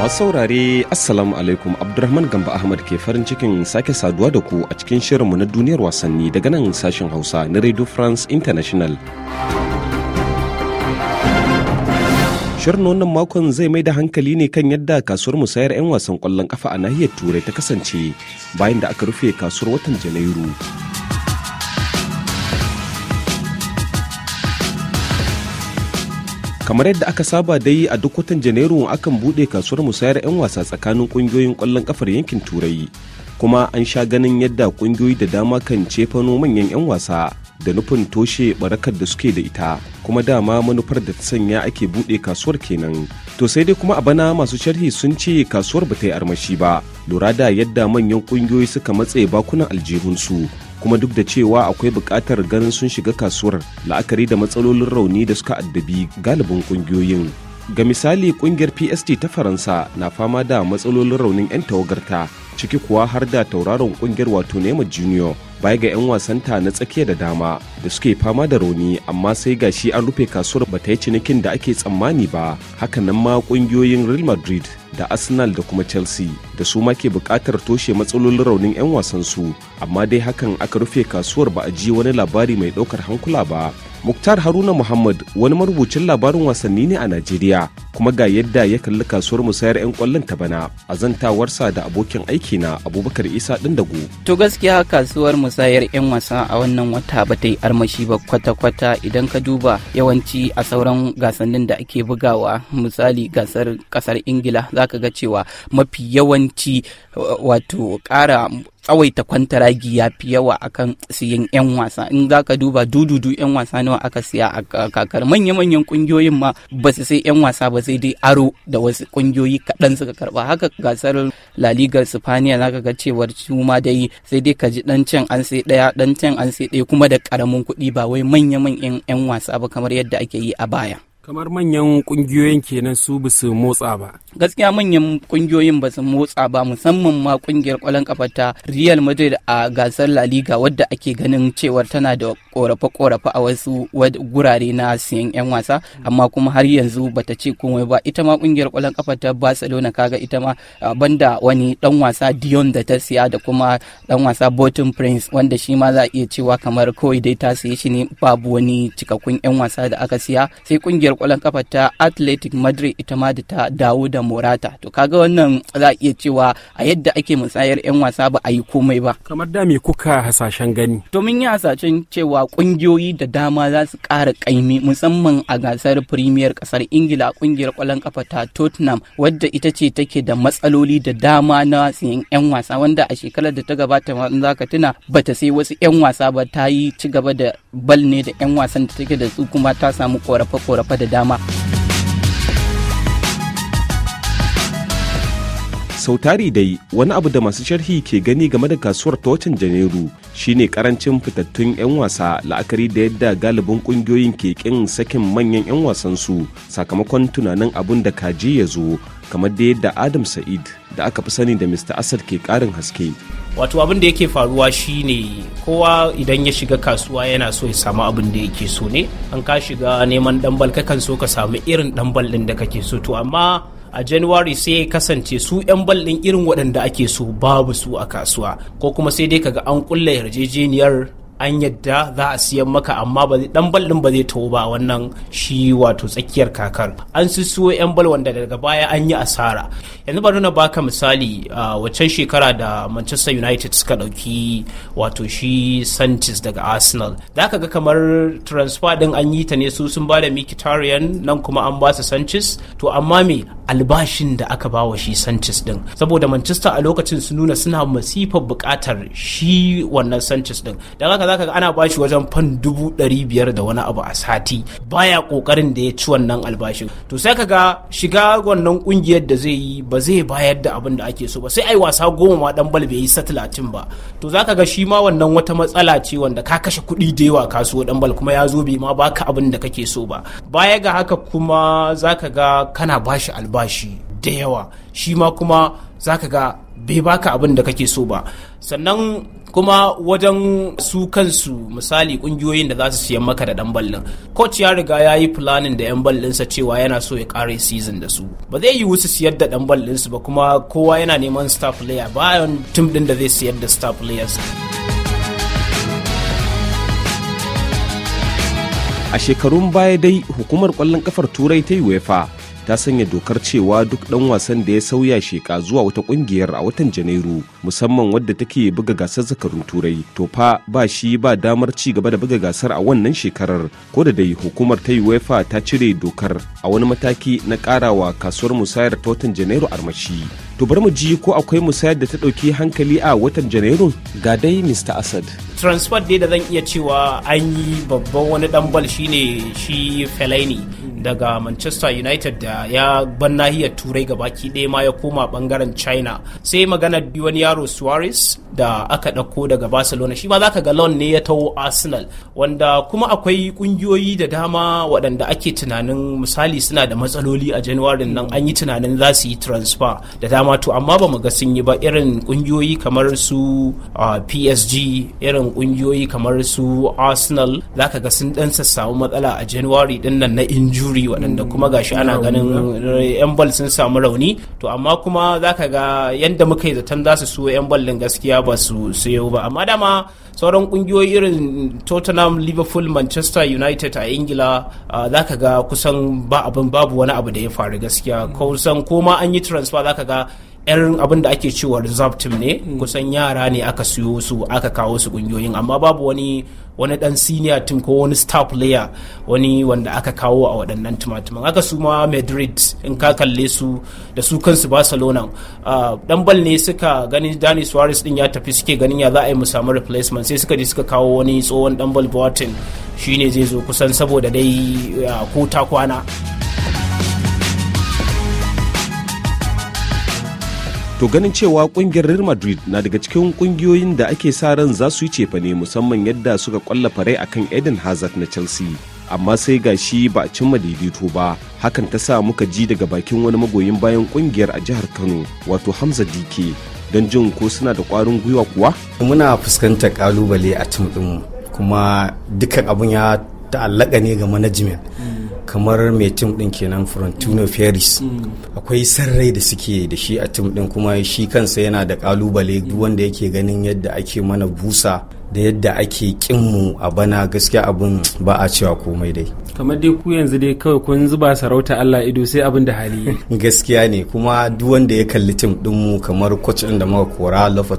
masu saurare assalamu alaikum abdulrahman gamba ahmad ke farin cikin sake saduwa da ku a cikin shirinmu na duniyar wasanni daga nan sashen hausa na radio france international shirin wannan makon zai mai da hankali ne kan yadda kasuwar musayar 'yan wasan kwallon kafa a nahiyar turai ta kasance bayan da aka rufe kasuwar watan janairu kamar yadda aka saba dai a duk watan janairu akan bude kasuwar musayar 'yan wasa tsakanin kungiyoyin kwallon kafar yankin turai kuma an sha ganin yadda kungiyoyi da dama kan cefano manyan 'yan wasa da nufin toshe barakar da suke da ita kuma dama manufar da ta sanya ake bude kasuwar kenan to sai dai kuma a bana masu sharhi sun ce kasuwar ba ta yi armashi ba lura da yadda manyan kungiyoyi suka matse bakunan aljihunsu kuma duk da cewa akwai buƙatar ganin sun shiga kasuwar la'akari da matsalolin rauni da suka addabi galibin ƙungiyoyin ga misali ƙungiyar psd ta faransa na fama da matsalolin raunin 'yan tawagarta ciki kuwa har da tauraron kungiyar wato Neymar Junior baya ga 'yan wasan ta na tsakiya da dama da suke fama da rauni amma sai gashi an rufe kasuwar ba ta yi cinikin da ake tsammani ba nan ma kungiyoyin Real Madrid da Arsenal da kuma Chelsea da su ma ke bukatar toshe matsalolin raunin 'yan wasansu amma dai hakan aka rufe kasuwar ba a ji wani labari mai daukar hankula ba Muktar Haruna Muhammad wani marubucin labarin wasanni ne a Najeriya kuma ga yadda ya kalli kasuwar musayar 'yan kwallon ta bana a zantawarsa da abokin aiki na Abubakar Isa Dindagu. To gaskiya kasuwar musayar 'yan wasa a wannan wata ba ta yi armashi ba kwata-kwata idan ka duba yawanci a sauran gasannin da ake bugawa misali gasar kasar Ingila zaka ga cewa mafi yawanci wato kara tsawaita kwantaragi ya fi yawa akan siyan 'yan wasa in za ka duba dududu 'yan wasa nawa aka siya a kakar manya-manyan kungiyoyin ma ba su sai 'yan wasa ba sai dai aro da wasu kungiyoyi kaɗan suka karba haka gasar la liga spaniya za ga cewar su ma dai sai dai ka ji dan can an sai ɗaya dan can an sai ɗaya kuma da ƙaramin kuɗi ba wai manya-manyan 'yan wasa ba kamar yadda ake yi a baya. kamar manyan kungiyoyin kenan su ba su motsa ba gaskiya manyan kungiyoyin ba su motsa ba musamman ma kungiyar kwallon kafa ta real madrid a gasar la liga wadda ake ganin cewar tana da korafe korafe a wasu gurare na siyan yan wasa amma kuma har yanzu bata ce komai ba ita ma kungiyar kwallon kafa ta barcelona kaga ita ma banda wani dan wasa dion da ta siya da kuma dan wasa botin prince wanda shi ma za a iya cewa kamar kawai dai ta siye shi ne babu wani cikakkun yan wasa da aka siya sai kungiyar kwallon kafa ta Athletic Madrid ita ma da ta dawo da Morata to kaga wannan za a iya cewa a yadda ake musayar 'yan wasa ba a yi komai ba kamar da me kuka hasashen gani domin yi hasashen cewa kungiyoyi da dama za su ƙara kaimi musamman a gasar Premier kasar Ingila kungiyar kwallon kafa ta Tottenham wadda ita ce take da matsaloli da dama na siyan 'yan wasa wanda a shekarar da ta gabata ma za ka tuna bata sai wasu 'yan wasa ba ta yi ci gaba da bal ne da 'yan wasan da take da su kuma ta samu korafe-korafe da dama sautari dai wani abu da masu sharhi ke gani game da kasuwar ta watan janairu shine karancin fitattun 'yan wasa la'akari da yadda galibin kungiyoyin ke kin sakin manyan 'yan wasansu sakamakon tunanin abun da kaji ya zo kamar da yadda adam sa'id da aka fi sani da mr asad ke karin haske wato abin da yake faruwa shine kowa idan ya shiga kasuwa yana so ya samu abin da yake so ne an ka shiga neman ɗanbal kakan so ka samu irin ɗanbal ɗin da kake so to amma a january sai ya kasance su 'yan bal ɗin irin waɗanda ake so babu su a kasuwa ko kuma sai dai kaga an kulla yarjejeniyar an yadda za a siyan maka amma ba dan bal ɗin ba zai taho ba wannan shi wato tsakiyar kakar an siyo yan bal wanda daga baya an yi asara yanzu bari na baka misali a waccan shekara da Manchester United suka dauki wato shi Sanchez daga Arsenal zaka ga kamar transfer din an yi ta ne su sun bada Mkhitaryan nan kuma an basu su Sanchez to amma me albashin da aka bawa shi Sanchez din saboda Manchester a lokacin su nuna suna masifar bukatar shi wannan Sanchez din dan haka ka ga ana bashi wajen fan dubu ɗari biyar da wani abu a sati baya kokarin da ya ci wannan albashin to sai ka ga shiga wannan kungiyar da zai yi ba zai bayar da abin da ake so ba sai ai wasa goma ma dan bal bai yi satlatin ba to za ka ga shi ma wannan wata matsala ce wanda ka kashe kuɗi da yawa kasuwa dan bal kuma ya zo bai ma baka abin da kake so ba baya ga haka kuma za ka ga kana bashi albashi da yawa shi ma kuma zaka ga bai baka abin da kake so ba sannan kuma wajen su kansu misali kungiyoyin da za su siyan maka da dan ballin coach ya riga ya yi planning da yan ballinsa cewa yana so ya kare season da su ba zai yi su siyar da dan su ba kuma kowa yana neman star player bayan tim din da zai siyar da star players a shekarun baya dai hukumar kwallon kafar turai ta UEFA ta sanya dokar cewa duk dan wasan da ya sauya sheka zuwa wata kungiyar a watan janairu musamman wadda take buga gasar zakarun turai to fa ba shi ba damar ci gaba da buga gasar a wannan shekarar ko da dai hukumar ta uefa ta cire dokar a wani mataki na karawa kasuwar musayar ta watan janairu armashi to bari mu ji ko akwai musayar da ta ɗauki hankali a watan janairu ga dai mr asad transfer dai da zan iya cewa an yi babban wani dan bal shine shi felaini daga manchester united da ya ban nahiyar turai gabaki ɗaya ma ya koma bangaren china sai maganar wani yaro suarez da aka ɗauko daga barcelona shi ma za ka ga loan ne ya taho arsenal wanda kuma akwai ƙungiyoyi da dama waɗanda ake tunanin misali suna da matsaloli a january nan an yi tunanin za su yi transfer da dama to amma ba mu ga sun yi ba irin ƙungiyoyi kamar su psg irin ƙungiyoyi kamar su arsenal za ka ga sun ɗan sassamu matsala a january ɗin nan na injuri waɗanda kuma gashi ana ganin yan sun samu rauni to amma kuma za ka ga yadda muka yi zaton za su so yan bal ɗin gaskiya ba su sayo ba amma dama sauran kungiyoyi irin tottenham liverpool manchester united a ingila za ka ga kusan ba abin babu wani abu da ya faru gaskiya kusan ma an yi transfer za ka ga yan abin da ake cewa reserve team ne hmm. kusan yara ne aka siyo su aka kawo su kungiyoyin amma babu wani wani dan senior team ko wani star player wani wanda aka kawo a waɗannan tumatuman aka su ma madrid in ka kalle su da su kansu barcelona dan bal ne suka gani dani suarez din ya tafi suke ganin ya za a yi mu samu replacement sai suka je suka kawo wani tsohon dan bal shine zai zo kusan saboda dai ko ta kwana to ganin cewa kungiyar real madrid na daga cikin kungiyoyin da ake sa ran za su yi cefane musamman yadda suka kwalla fare akan eden hazard na chelsea amma sai ga shi ba a cimma daidaito ba hakan ta sa muka ji daga bakin wani magoyin bayan kungiyar a jihar kano wato hamza dk don jin ko suna da kwarin gwiwa kuwa muna fuskantar kalubale a tim kuma dukkan abun ya ta'allaka ne ga manajimen kamar mai tim din kenan Frontino Ferris mm. akwai sarrai da suke da shi a tim din kuma shi kansa yana da kalubale duk wanda yake ganin yadda ake mana busa da yadda ake kinmu a bana gaskiya abin ba a cewa komai dai kamar dai ku yanzu dai kawai kun zuba sarauta Allah ido sai abin da hali gaskiya ne kuma duk wanda ya kalli tim mu kamar coach din da muka kora Lofa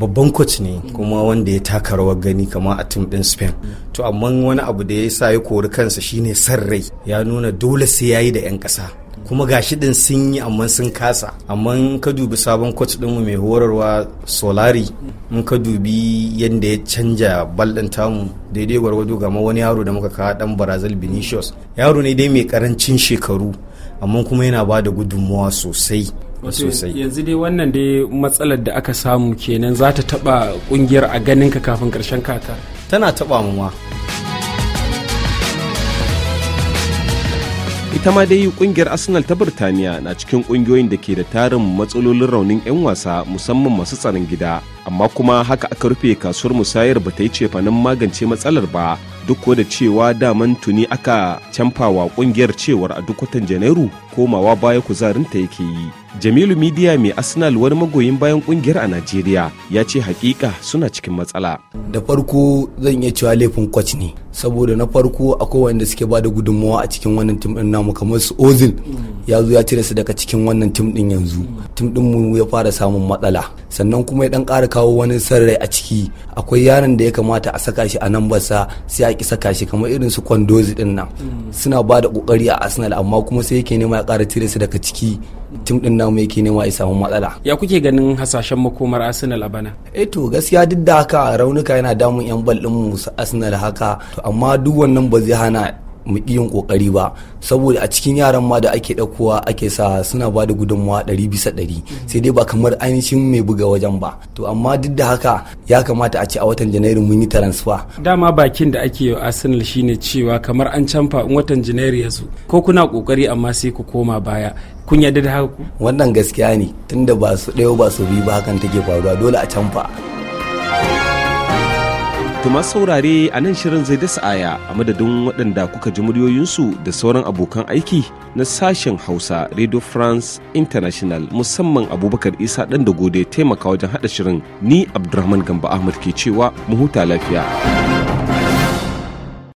babban coach ne kuma wanda ya taka rawar gani kamar a tim din Spain to amma wani abu da ya sa ya kori kansa shine san rai ya nuna dole sai yayi da yan kasa kuma gashi din sun yi amma sun kasa amma ka dubi sabon coach ɗinmu mai horarwa solari in ka dubi yadda ya canja baldin tamu daidai gwargwado gama wani yaro da muka kawo dan barazil benicius yaro ne dai mai karancin shekaru amma kuma yana ba da gudunmawa sosai sosai yanzu dai wannan dai matsalar da aka samu kenan za ta taba kungiyar a ganin ka kafin karshen kaka tana taba mu ma ita ma dai kungiyar arsenal ta birtaniya na cikin kungiyoyin da ke da tarin matsalolin raunin 'yan wasa musamman masu tsaron gida amma kuma haka aka rufe kasuwar musayar ba ta yi cefanen magance matsalar ba duk da cewa daman tuni aka camfawa kungiyar cewar a duk watan janairu komawa baya kuzarinta yake yi jamilu midiya mai arsenal wani magoyin bayan kungiyar a najeriya ya ce hakika suna cikin matsala da farko zan iya cewa laifin kwac ne saboda na farko akwai wanda suke ba da gudunmawa a cikin wannan tim din namu kamar su ozil ya zo ya cire su daga cikin wannan tim din yanzu tim din mu ya fara samun matsala sannan kuma ya dan ƙara kawo wani sarrai a ciki akwai yaron da ya kamata a saka shi a nan basa sai a ki saka shi kamar irin su kwandozi din nan suna da kokari a arsenal amma kuma sai yake nema ya ƙara cire su daga ciki tim din namu yake nema ya samu matsala ya kuke ganin hasashen makomar arsenal a bana eh to gaskiya duk da haka raunuka yana damun yan bal din mu arsenal haka amma duk wannan ba zai hana mu yin kokari ba saboda a cikin yaran ma da ake ɗaukowa ake sa suna ba da gudunmawa ɗari bisa ɗari sai dai ba kamar ainihin mai buga wajen ba to amma duk da haka ya kamata a ce a watan janairu mun yi transfer dama bakin da ake yi arsenal shine cewa kamar an canfa in watan janairu ya zo ko kuna kokari amma sai ku koma baya kun yarda da haka wannan gaskiya ne tunda ba su ɗaya ba su biyu ba hakan take faruwa dole a canfa Tuma saurare a nan shirin zai dasa aya a madadin waɗanda kuka ji muryoyinsu da sauran abokan aiki na sashen Hausa Radio France International musamman Abubakar Isa ɗan da gode taimaka wajen haɗa shirin ni Abdulrahman Gamba Ahmad ke cewa mu huta lafiya.